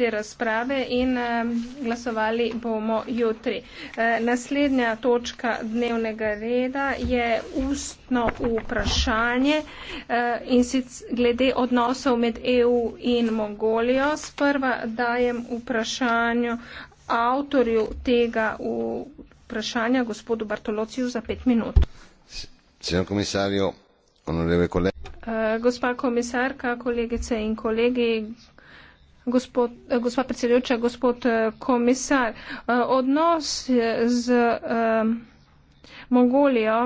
te razprave in glasovali bomo jutri. E, naslednja točka dnevnega reda je ustno vprašanje e, in sicer glede odnosov med EU in Mongolijo. Sprva dajem vprašanju avtorju tega vprašanja, gospodu Bartolociju, za pet minut. Cijen komisarjo, onoreve kolege. E, gospa komisarka, kolegice in kolegi, Gospod, eh, gospa predsedujoča, gospod eh, komisar, eh, odnos z um, Mongolijo.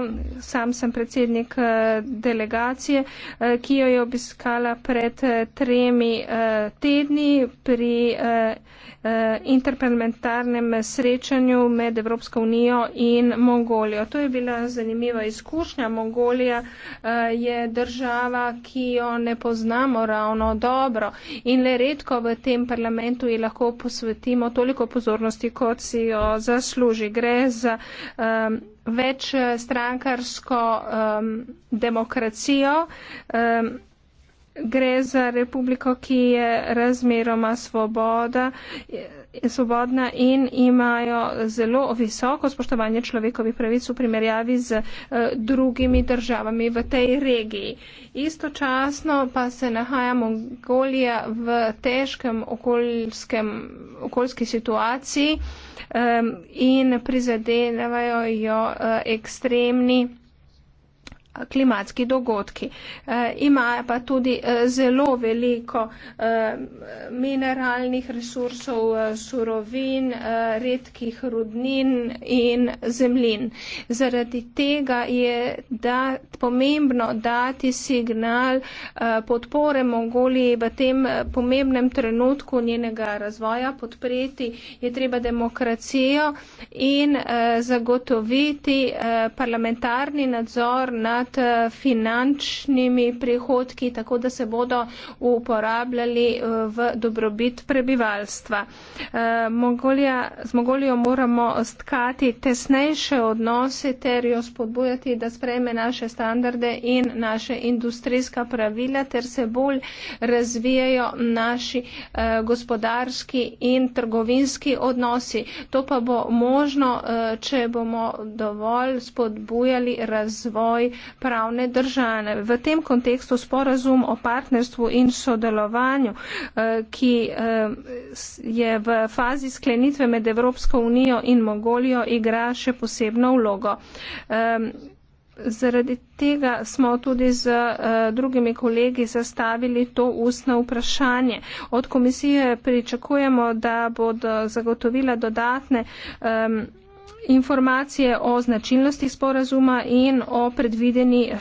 Sam sem predsednik eh, delegacije, eh, ki jo je obiskala pred eh, tremi tedni pri interparlamentarnem srečanju med Evropsko unijo in Mongolijo. To je bila zanimiva izkušnja. Mongolija je država, ki jo ne poznamo ravno dobro in le redko v tem parlamentu ji lahko posvetimo toliko pozornosti, kot si jo zasluži. Gre za um, več eh, strankarsko um, demokracijo. Um, gre za republiko, ki je razmeroma svoboda. Je, svobodna in imajo zelo visoko spoštovanje človekovih pravic v primerjavi z eh, drugimi državami v tej regiji. Istočasno pa se nahaja Mongolija v težkem okoljski situaciji eh, in prizadenevajo jo eh, ekstremni klimatski dogodki. E, eh, imajo pa tudi e, zelo veliko e, mineralnih resursov, e, surovin, e, redkih rudnin in zemlin. Zaradi tega je da, pomembno dati signal e, podpore Mongoliji v tem pomembnem trenutku njenega razvoja. Podpreti je treba demokracijo in e, zagotoviti e, parlamentarni nadzor nad nad eh, finančnimi prihodki, tako da se bodo uporabljali eh, v dobrobit prebivalstva. Eh, z Mogolijo moramo stkati tesnejše odnose ter jo spodbujati, da sprejme naše standarde in naše industrijska pravila, ter se bolj razvijajo naši gospodarski in trgovinski odnosi. To pa bo možno, če bomo dovolj spodbujali razvoj pravne države. V tem kontekstu sporazum o partnerstvu in sodelovanju, eh, ki eh, je v fazi sklenitve med Evropsko unijo in Mongolijo, igra še posebno vlogo. Ehm, zaradi tega smo tudi z uh, drugimi kolegi zastavili to ustno vprašanje. Od komisije pričakujemo, da bodo zagotovila dodatne. Um, informacije o značilnosti sporazuma in o predvideni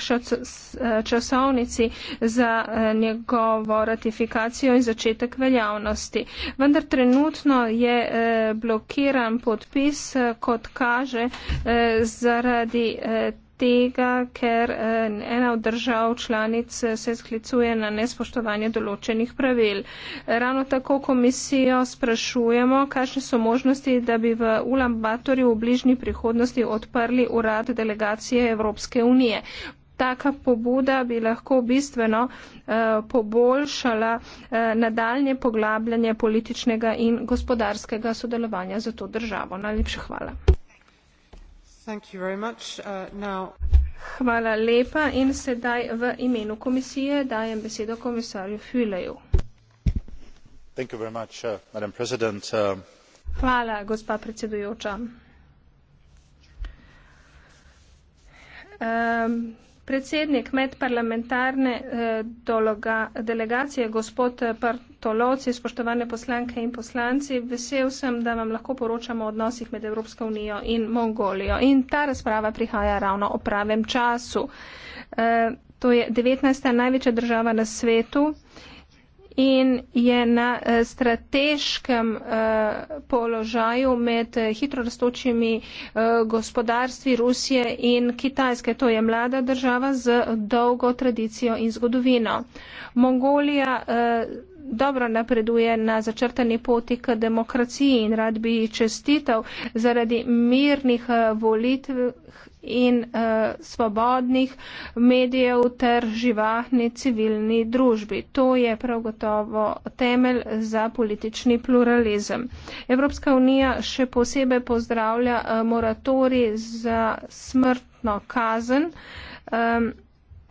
časovnici za eh, njegovo ratifikacijo in začetek veljavnosti. Vendar trenutno je eh, blokiran podpis, eh, kot kaže, zaradi tega, ker eh, ena od držav članic eh, se sklicuje na nespoštovanje določenih pravil. Ravno tako komisijo sprašujemo, kakšne so možnosti, da bi v Ulambatorju v bližnji prihodnosti odprli urad delegacije Evropske unije. Taka pobuda bi lahko bistveno eh, poboljšala eh, nadaljne poglabljanje političnega in gospodarskega sodelovanja za to državo. Najlepša hvala. Uh, Hvala lepa. In sedaj v imenu komisije dajem besedo komisarju Füleju. Uh, uh, Hvala, gospa predsedujoča. Um, Predsednik medparlamentarne eh, dologa, delegacije, gospod Partoloci, eh, spoštovane poslanke in poslanci, vesel sem, da vam lahko poročamo o odnosih med Evropsko unijo in Mongolijo. In ta razprava prihaja ravno o pravem času. Eh, to je 19. največja država na svetu in je na eh, strateškem eh, položaju med eh, hitro rastočimi gospodarstvi Rusije in Kitajske. To je mlada država z dolgo tradicijo in zgodovino. Mongolija dobro napreduje na začrtani poti k demokraciji in rad bi čestitev zaradi mirnih volitev in uh, svobodnih medijev ter živahni civilni družbi. To je prav gotovo temelj za politični pluralizem. Evropska unija še posebej pozdravlja uh, eh, moratori za smrtno kazen. Um,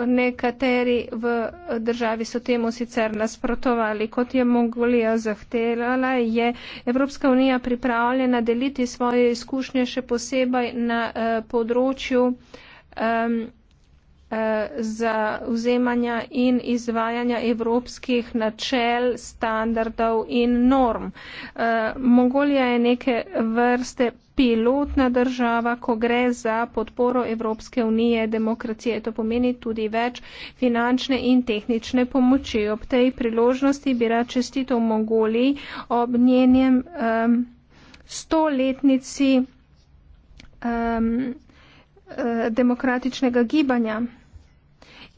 nekateri v državi so temu sicer nasprotovali. Kot je Mongolija zahtevala, je Evropska unija pripravljena deliti svoje izkušnje še posebej na eh, področju um, eh, za vzemanja in izvajanja evropskih načel, standardov in norm. Eh, Mongolija je neke vrste pilotna država, ko gre za podporo Evropske unije demokracije. To pomeni tudi več finančne in tehnične pomoči. Ob tej priložnosti bi rad čestitev Mongoliji ob njenjem um, stoletnici um, demokratičnega gibanja.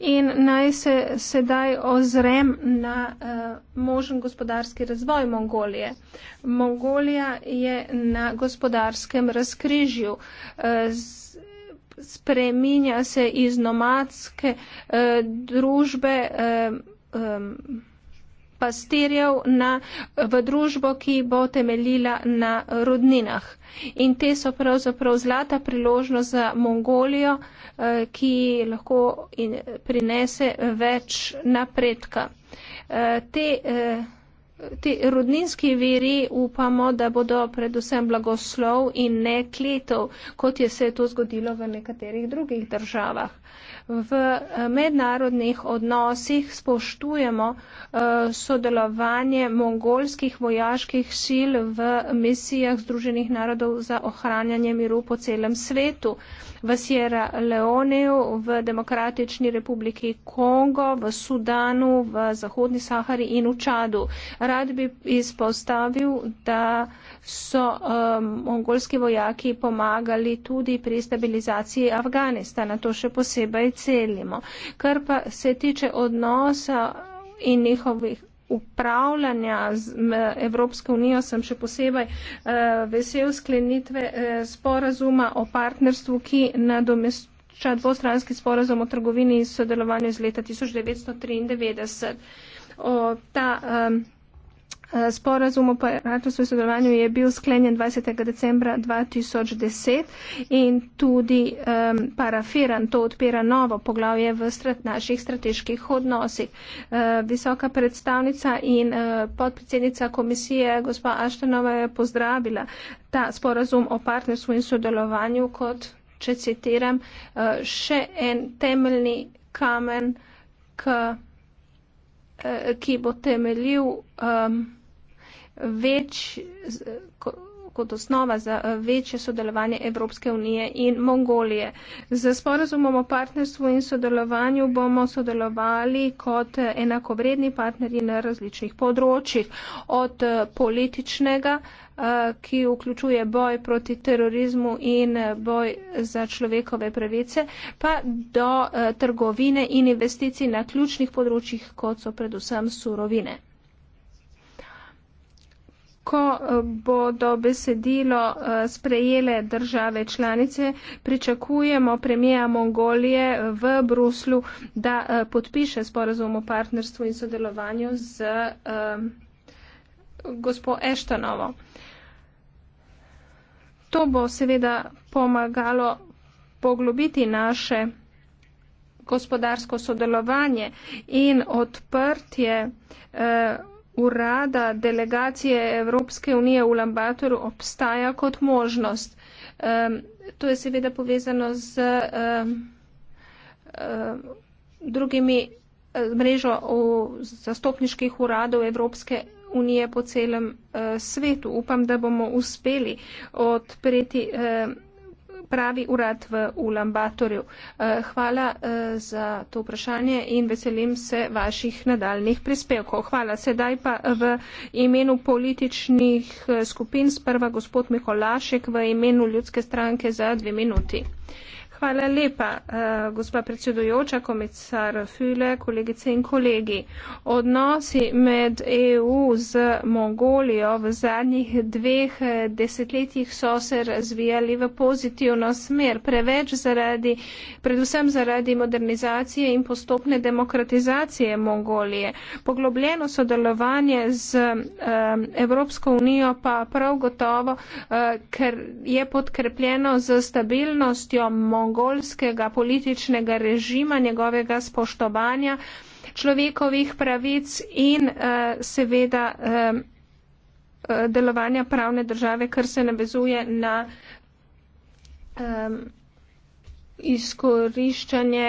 In naj se sedaj ozrem na uh, možen gospodarski razvoj Mongolije. Mongolija je na gospodarskem razkrižju. Uh, spreminja se iz nomadske uh, družbe. Uh, um, pastirjev na, v družbo, ki bo temeljila na rodninah. In te so pravzaprav zlata priložnost za Mongolijo, eh, ki lahko prinese več napredka. Eh, te eh, te rodninski veri upamo, da bodo predvsem blagoslov in ne kletov, kot je se to zgodilo v nekaterih drugih državah. V eh, mednarodnih odnosih spoštujemo eh, sodelovanje mongolskih vojaških sil v misijah Združenih narodov za ohranjanje miru po celem svetu v Sierra Leone, v Demokratični republiki Kongo, v Sudanu, v Zahodni Sahari in v Čadu. Rad bi izpostavil, da so um, mongolski vojaki pomagali tudi pri stabilizaciji Afganistana, to še posebej celimo. Kar pa se tiče odnosa in njihovih upravljanja z Evropsko unijo sem še posebej eh, vesel sklenitve eh, sporazuma o partnerstvu, ki nadomešča dvostranski sporazum o trgovini in sodelovanju iz leta 1993. O, ta, um, Eh, sporazum o partnerstvu in sodelovanju je bil sklenjen 20. decembra 2010 in tudi um, parafiran. To odpira novo poglavje v strat naših strateških odnosih. Uh, visoka predstavnica in uh, podpredsednica komisije gospa Aštenova je pozdravila ta sporazum o partnerstvu in sodelovanju kot, če citiram, uh, še en temeljni kamen, k, uh, ki bo temeljil. Um, več, kot osnova za eh, večje sodelovanje Evropske unije in Mongolije. Za sporazumom o partnerstvu in sodelovanju bomo sodelovali kot eh, enakovredni partnerji na različnih področjih, od eh, političnega, ki vključuje boj proti terorizmu in boj za človekove pravice, pa do trgovine in investicij na ključnih področjih, kot so predvsem surovine ko eh, bodo besedilo eh, sprejele države članice, pričakujemo premija Mongolije eh, v Bruslu, da podpiše sporazum o partnerstvu in sodelovanju z gospod Eštanovo. To bo seveda pomagalo poglobiti naše gospodarsko sodelovanje in odprtje eh, urada delegacije Evropske unije v Lambatoru obstaja kot možnost. Um, to je seveda povezano z um, um, drugimi eh, mrežo zastopniških uradov Evropske unije po celem uh, svetu. Upam, da bomo uspeli odpreti. Um, pravi urad v Ulambatorju. Eh, hvala eh, za to vprašanje in veselim se vaših nadaljnih prispevkov. Hvala. Sedaj pa v imenu političnih eh, skupin sprva gospod Miholašek v imenu ljudske stranke za dve minuti. Hvala lepa, eh, gospa predsedujoča, komisar File, kolegice in kolegi. Odnosi med EU z Mongolijo v zadnjih dveh eh, desetletjih so se razvijali v pozitivno smer, preveč zaradi, predvsem zaradi modernizacije in postopne demokratizacije Mongolije. Poglobljeno sodelovanje z eh, Evropsko unijo pa prav gotovo, ker je podkrepljeno z stabilnostjo Mongolije mongolskega političnega režima, njegovega spoštovanja človekovih pravic in uh, seveda um, delovanja pravne države, kar se navezuje na um, izkoriščanje,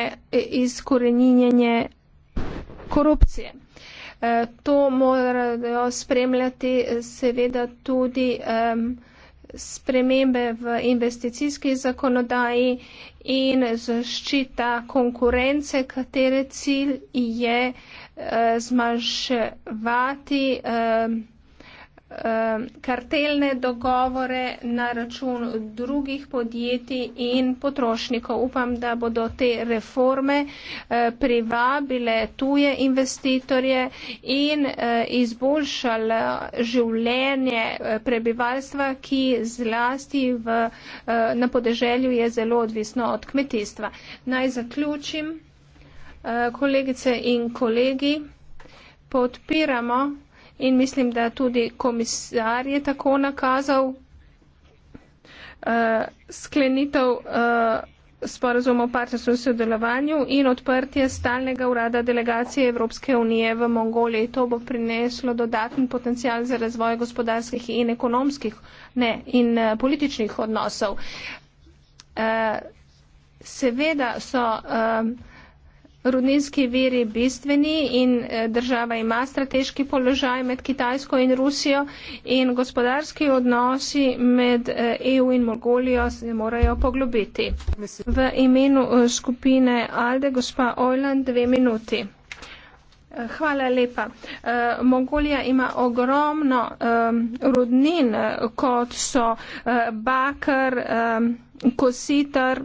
izkoreninjenje korupcije. To morajo spremljati seveda tudi um, spremembe v investicijski zakonodaji in zaščita konkurence, katere cilj je eh, zmanjševati. Eh, Um, kartelne dogovore na račun drugih podjetij in potrošnikov. Upam, da bodo te reforme uh, privabile tuje investitorje in uh, izboljšale življenje uh, prebivalstva, ki zlasti v, na podeželju je zelo odvisno od kmetijstva. Naj zaključim, kolegice in kolegi, podpiramo in mislim, da tudi komisar je tako nakazal uh, sklenitev uh, eh, sporozuma o partnerstvu in sodelovanju in odprtje stalnega urada delegacije Evropske unije v Mongoliji. To bo prineslo dodaten potencial za razvoj gospodarskih in ekonomskih ne, in uh, političnih odnosov. Uh, seveda so. Uh, rudninski viri bistveni in eh, država ima strateški položaj med Kitajsko in Rusijo in gospodarski odnosi med EU eh, e in Mongolijo se morajo poglobiti. V imenu eh, skupine ALDE, gospa Ojland, dve minuti. Hvala lepa. Uh, Mongolija ima ogromno um, rudnin, kot so uh, bakar, um, kositar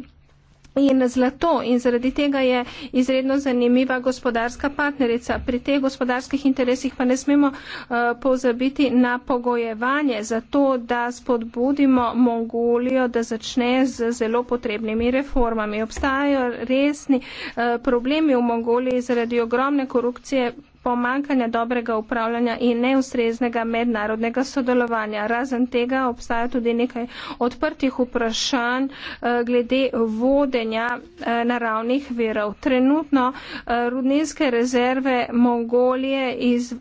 in zlato in zaradi tega je izredno zanimiva gospodarska partnerica. Pri teh gospodarskih interesih pa ne smemo uh, pozabiti na pogojevanje za to, da spodbudimo Mongolijo, da začne z zelo potrebnimi reformami. Obstajajo resni uh, problemi v Mongoliji zaradi ogromne korupcije pomankanja dobrega upravljanja in neustreznega mednarodnega sodelovanja. Razen tega obstaja tudi nekaj odprtih vprašanj eh, glede vodenja eh, naravnih verov. Trenutno eh, rudninske rezerve Mongolije iz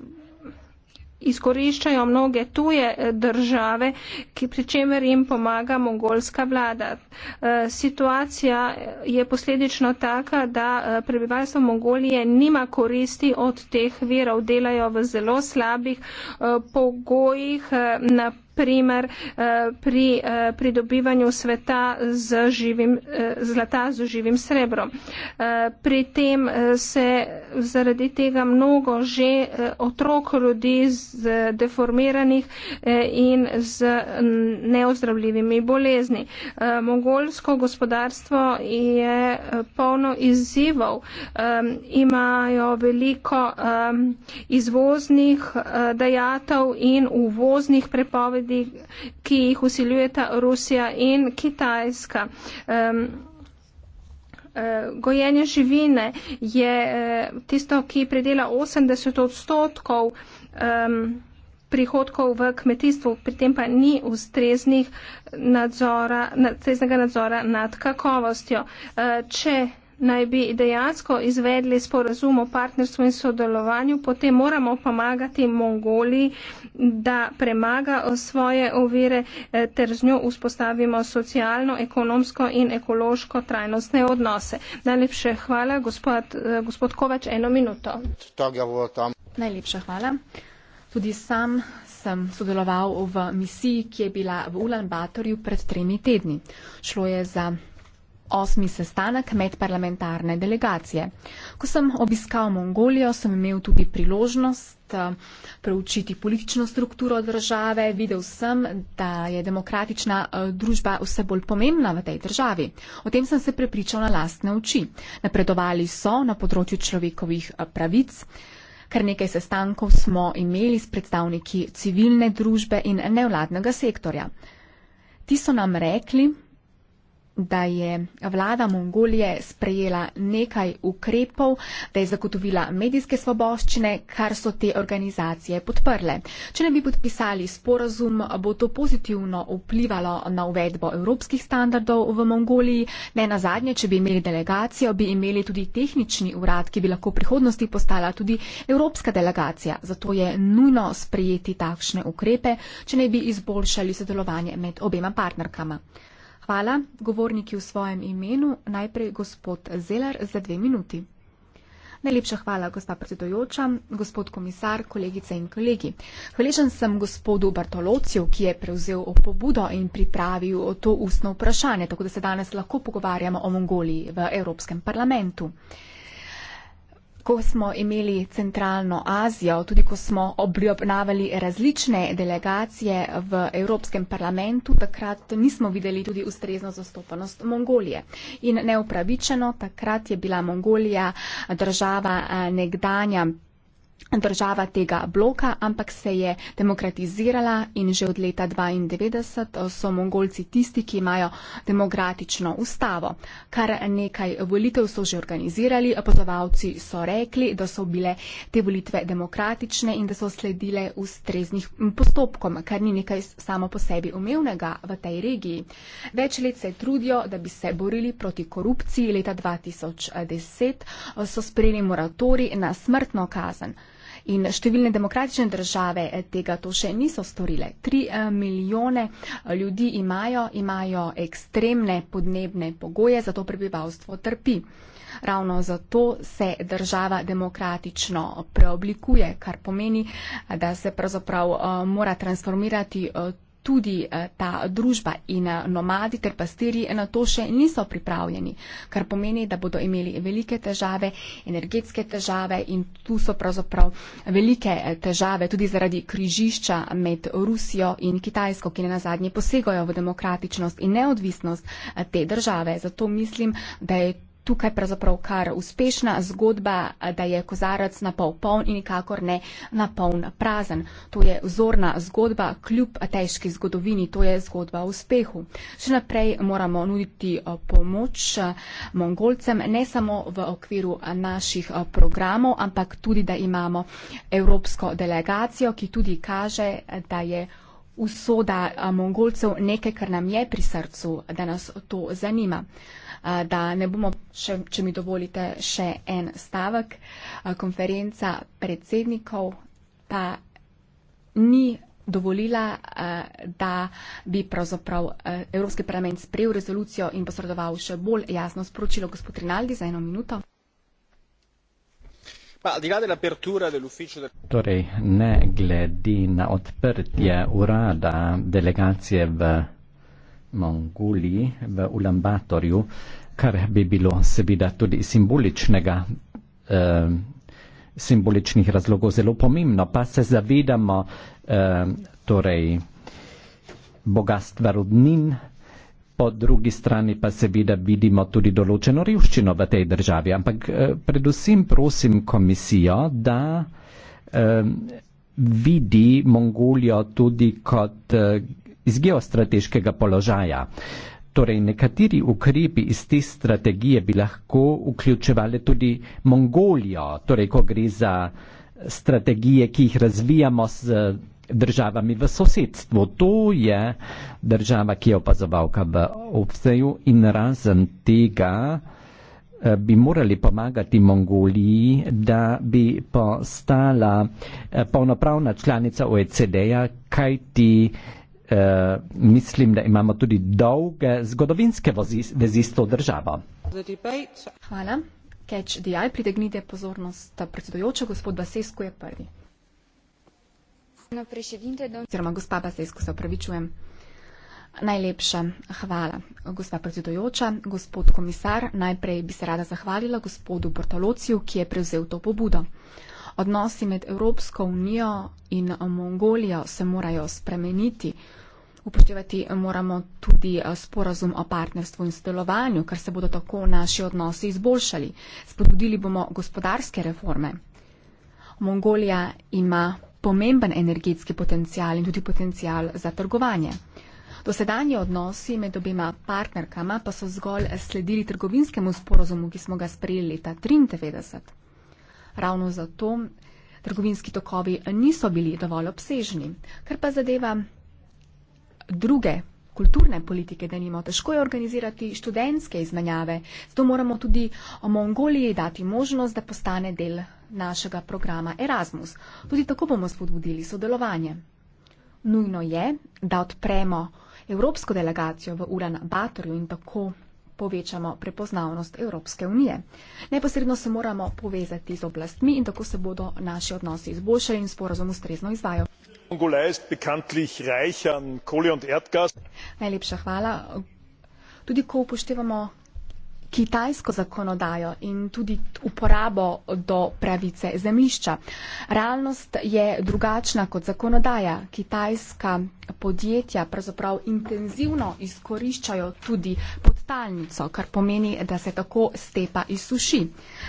izkoriščajo mnoge tuje eh, države, ki pri čemer jim pomaga mongolska vlada. Eh, situacija eh, je posledično taka, da prebivalstvo Mongolije nima koristi od teh virov, delajo v zelo slabih pogojih, na primer eh, pri eh, pridobivanju sveta z živim, eh, zlata z živim srebrom. Pri tem se zaradi tega mnogo že otrok rodi z deformiranih in z neozdravljivimi bolezni. Mogolsko gospodarstvo je polno izzivov, imajo veliko izvoznih dajatov in uvoznih prepovedi, napovedi, ki jih usiljujeta Rusija in Kitajska. Um, Gojenje živine je e, tisto, ki predela 80 odstotkov prihodkov v kmetijstvu, pri tem pa ni ustreznega nadzora, nadzora nad kakovostjo. E, če naj bi dejansko izvedli sporazum o partnerstvu in sodelovanju, potem moramo pomagati Mongoliji, da premaga svoje ovire eh, ter z njo vzpostavimo socialno, ekonomsko in ekološko trajnostne odnose. Najlepše hvala, gospod, eh, gospod Kovač, eno minuto. Najlepša hvala. Tudi sam sem sodeloval v misiji, ki je bila v Ulan Batorju pred tremi tedni. Šlo je za osmi sestanek medparlamentarne delegacije. Ko sem obiskal Mongolijo, sem imel tudi priložnost eh, preučiti politično strukturo države. Videl sem, da je demokratična eh, družba vse bolj pomembna v tej državi. O tem sem se prepričal na lastne oči. Napredovali so na področju človekovih eh, pravic. Kar nekaj sestankov smo imeli s predstavniki civilne družbe in nevladnega sektorja. Ti so nam rekli, da je vlada Mongolije sprejela nekaj ukrepov, da je zagotovila medijske svoboščine, kar so te organizacije podprle. Če ne bi podpisali sporazum, bo to pozitivno vplivalo na uvedbo evropskih standardov v Mongoliji. Ne na zadnje, če bi imeli delegacijo, bi imeli tudi tehnični urad, ki bi lahko v prihodnosti postala tudi evropska delegacija. Zato je nujno sprejeti takšne ukrepe, če ne bi izboljšali sodelovanje med obema partnerkama. Hvala. Govorniki v svojem imenu, najprej gospod Zelar za dve minuti. Najlepša hvala, gospa predsedojoča, gospod komisar, kolegice in kolegi. Hvaležen sem gospodu Bartolociju, ki je prevzel pobudo in pripravil to ustno vprašanje, tako da se danes lahko pogovarjamo o Mongoliji v Evropskem parlamentu. Ko smo imeli centralno Azijo, tudi ko smo obljubnavali različne delegacije v Evropskem parlamentu, takrat nismo videli tudi ustrezno zastopanost Mongolije. In neupravičeno, takrat je bila Mongolija država eh, nekdanja država tega bloka, ampak se je demokratizirala in že od leta 92 eh, so mongolci tisti, ki imajo demokratično ustavo. Kar nekaj volitev so že organizirali, opozovalci eh, so rekli, da so bile te volitve demokratične in da so sledile ustreznih postopkom, kar ni nekaj samo po sebi umevnega v tej regiji. Več let se trudijo, da bi se borili proti korupciji. Leta 2010 eh, so sprejeli moratori na smrtno kazen in številne demokratične države eh, tega to še niso storile. Tri eh, milijone eh, ljudi imajo, imajo ekstremne podnebne pogoje, zato prebivalstvo trpi. Ravno zato se država demokratično preoblikuje, kar pomeni, da se pravzaprav mora transformirati tudi eh, ta družba in eh, nomadi ter pastirji na to še niso pripravljeni, kar pomeni, da bodo imeli velike težave, energetske težave in tu so pravzaprav velike eh, težave tudi zaradi križišča med Rusijo in Kitajsko, ki ne nazadnje posegajo v demokratičnost in neodvisnost te države. Zato mislim, da je tukaj pravzaprav kar uspešna zgodba, da je kozarec na pol poln in nikakor ne na poln prazen. To je vzorna zgodba, kljub težki zgodovini, to je zgodba o uspehu. Še naprej moramo nuditi eh, pomoč eh, mongolcem, ne samo v okviru eh, naših programov, ampak tudi, da imamo evropsko delegacijo, ki tudi kaže, da je usoda mongolcev nekaj, kar nam je pri srcu, da nas to zanima da ne bomo, še, če mi dovolite, še en stavek. Konferenca predsednikov pa ni dovolila, da bi pravzaprav Evropski parlament sprejel rezolucijo in posredoval še bolj jasno sporočilo. Gospod Rinaldi, za eno minuto. Torej, ne glede na odprtje urada delegacije v Mongoliji v Ulambatorju, kar bi bilo seveda tudi simboličnega, eh, simboličnih razlogov zelo pomembno, pa se zavedamo eh, torej bogatstva rodnin, po drugi strani pa seveda vidimo tudi določeno revščino v tej državi. Ampak eh, predvsem prosim komisijo, da eh, vidi Mongolijo tudi kot. Eh, iz geostrateškega položaja. Torej nekateri ukrepi iz te strategije bi lahko vključevali tudi Mongolijo, torej ko gre za strategije, ki jih razvijamo s državami v sosedstvu. To je država, ki je opazovalka v Obseju in razen tega eh, bi morali pomagati Mongoliji, da bi postala eh, polnopravna članica OECD-ja, kajti Eh, mislim, da imamo tudi dolge zgodovinske vezi s to državo. Hvala. Catch the eye, pritegnite pozornost. Ta predsedujoča, gospod Basesko, je prvi. Oziroma, gospa Basesko, se opravičujem. Najlepša hvala, gospa predsedujoča, gospod komisar. Najprej bi se rada zahvalila gospodu Portalociju, ki je prevzel to pobudo. Odnosi med Evropsko unijo in Mongolijo se morajo spremeniti. Upoštevati moramo tudi eh, sporazum o partnerstvu in sodelovanju, ker se bodo tako naši odnosi izboljšali. Spodbudili bomo gospodarske reforme. Mongolija ima pomemben energetski potencial in tudi potencial za trgovanje. Dosedanje odnosi med obima partnerkama pa so zgolj sledili trgovinskemu sporozumu, ki smo ga sprejeli leta 1993. Ravno zato trgovinski tokovi niso bili dovolj obsežni. Kar pa zadeva druge kulturne politike, da nimamo. Težko je organizirati študentske izmenjave, zato moramo tudi o Mongoliji dati možnost, da postane del našega programa Erasmus. Tudi tako bomo spodbudili sodelovanje. Nujno je, da odpremo evropsko delegacijo v Uran Batorju in tako povečamo prepoznavnost Evropske unije. Neposredno se moramo povezati z oblastmi in tako se bodo naši odnosi izboljšali in sporazum ustrezno izvajo mongolei ist bekanntlich reich an kohle und erdgas kitajsko zakonodajo in tudi uporabo do pravice zemljišča. Realnost je drugačna kot zakonodaja. Kitajska podjetja pravzaprav intenzivno izkoriščajo tudi podtalnico, kar pomeni, da se tako stepa izsuši.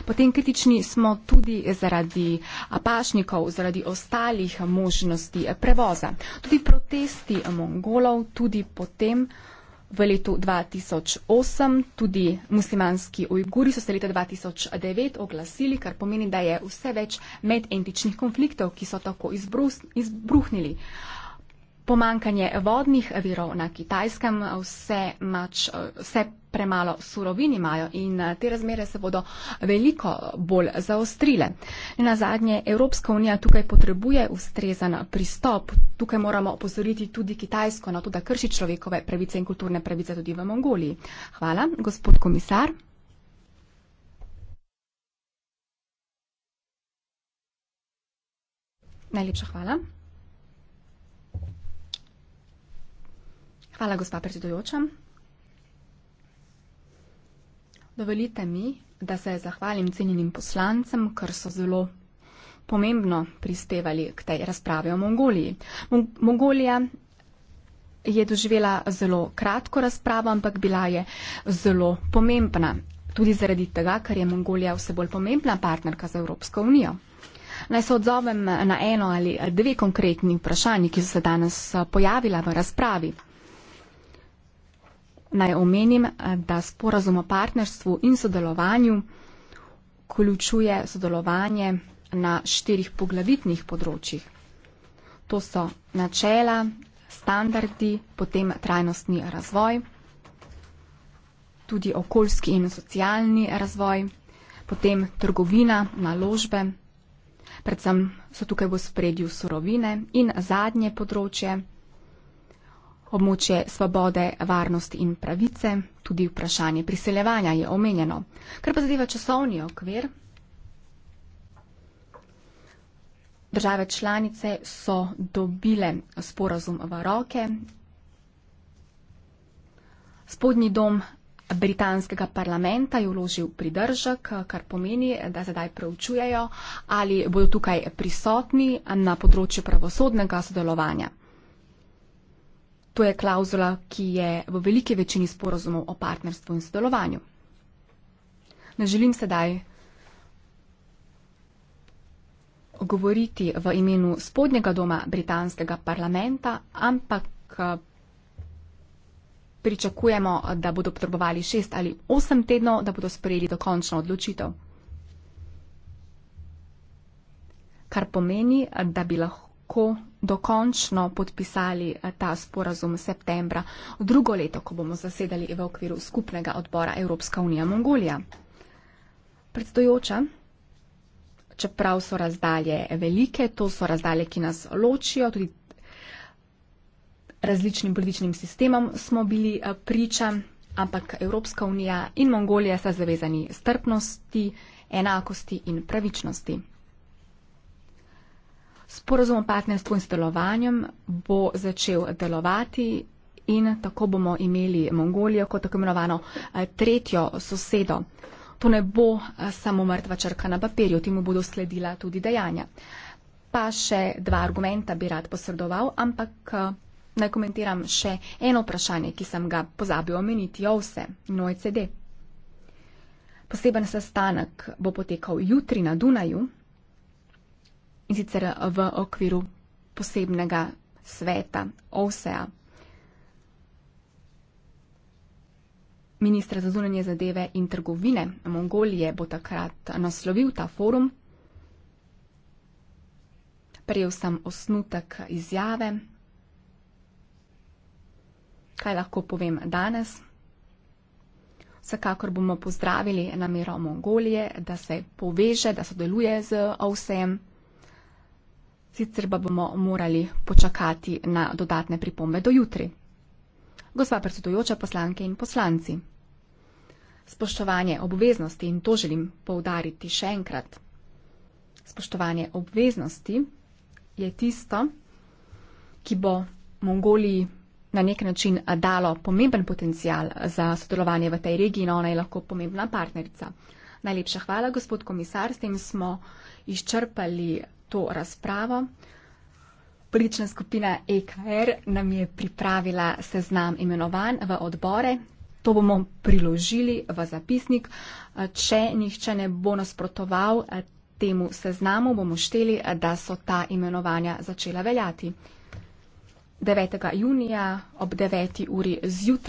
Potem kritični smo tudi zaradi pašnikov, zaradi ostalih možnosti prevoza. Tudi protesti mongolov, tudi potem V letu 2008 tudi muslimanski ujguri so se leta 2009 oglasili, kar pomeni, da je vse več medentičnih konfliktov, ki so tako izbruhnili. Uh, pomankanje vodnih virov na kitajskem, vse, mač, vse premalo surovin imajo in eh, te razmere se bodo veliko bolj zaostrile. Na zadnje, Evropska unija tukaj potrebuje ustrezan pristop. Tukaj moramo opozoriti tudi Kitajsko na no, to, da krši človekove pravice in kulturne pravice tudi v Mongoliji. Hvala, gospod komisar. Najlepša hvala. Hvala, gospa predsedujoča. Dovolite mi, da se zahvalim cenjenim poslancem, ker so zelo pomembno prispevali k tej razpravi o Mongoliji. Mongolija je doživela zelo kratko razpravo, ampak bila je zelo pomembna. Tudi zaradi tega, ker je Mongolija vse bolj pomembna partnerka za Evropsko unijo. Naj se odzovem na eno ali dve konkretni vprašanji, ki so se danes eh, pojavila v razpravi. Naj omenim, eh, da sporazum o partnerstvu in sodelovanju vključuje sodelovanje na štirih poglavitnih področjih. To so načela, standardi, potem trajnostni razvoj, tudi okoljski in socialni razvoj, potem trgovina, naložbe, predvsem so tukaj v spredju surovine in zadnje področje. Območje svobode, varnosti in pravice, tudi vprašanje priseljevanja je omenjeno. Kar pa zadeva časovni okvir, države članice so dobile sporazum v roke. Spodnji dom britanskega parlamenta je vložil pridržek, kar pomeni, da sedaj preučujejo, ali bodo tukaj prisotni na področju pravosodnega sodelovanja. To je klauzula, ki je v veliki večini sporozumov o partnerstvu in sodelovanju. Ne želim sedaj govoriti v imenu spodnjega doma britanskega parlamenta, ampak eh, pričakujemo, da bodo potrebovali šest ali osem tednov, da bodo sprejeli dokončno odločitev. Kar pomeni, da bi lahko dokončno podpisali eh, ta sporazum septembra, drugo leto, ko bomo zasedali v okviru skupnega odbora Evropska unija Mongolija. Predstojoča, čeprav so razdalje velike, to so razdalje, ki nas ločijo, tudi različnim političnim sistemom smo bili eh, priča, ampak Evropska unija in Mongolija sta zavezani strpnosti, enakosti in pravičnosti. Sporozum o partnerstvu in sodelovanju bo začel delovati in tako bomo imeli Mongolijo kot tako imenovano eh, tretjo sosedo. To ne bo eh, samo mrtva črka na papirju, temu bodo sledila tudi dejanja. Pa še dva argumenta bi rad posredoval, ampak eh, naj komentiram še eno vprašanje, ki sem ga pozabil omeniti, o vse, OECD. Poseben sestanek bo potekal jutri na Dunaju, in sicer v okviru posebnega sveta OSEA. Ministr za zunanje zadeve in trgovine Mongolije bo takrat naslovil ta forum. Prejel sem osnutek izjave. Kaj lahko povem danes? Vsekakor bomo pozdravili namero Mongolije, da se poveže, da sodeluje z OSEM sicer pa bomo morali počakati na dodatne pripombe do jutri. Gospa predsedujoča, poslanke in poslanci, spoštovanje obveznosti in to želim poudariti še enkrat. Spoštovanje obveznosti je tisto, ki bo Mongoliji na nek način dalo pomemben potencial za sodelovanje v tej regiji in ona je lahko pomembna partnerica. Najlepša hvala, gospod komisar, s tem smo izčrpali to razpravo. Politična skupina EKR nam je pripravila seznam imenovanj v odbore. To bomo priložili v zapisnik. Če nihče ne bo nasprotoval eh, temu seznamu, bomo šteli, eh, da so ta imenovanja začela veljati. 9. junija ob 9. uri zjutraj.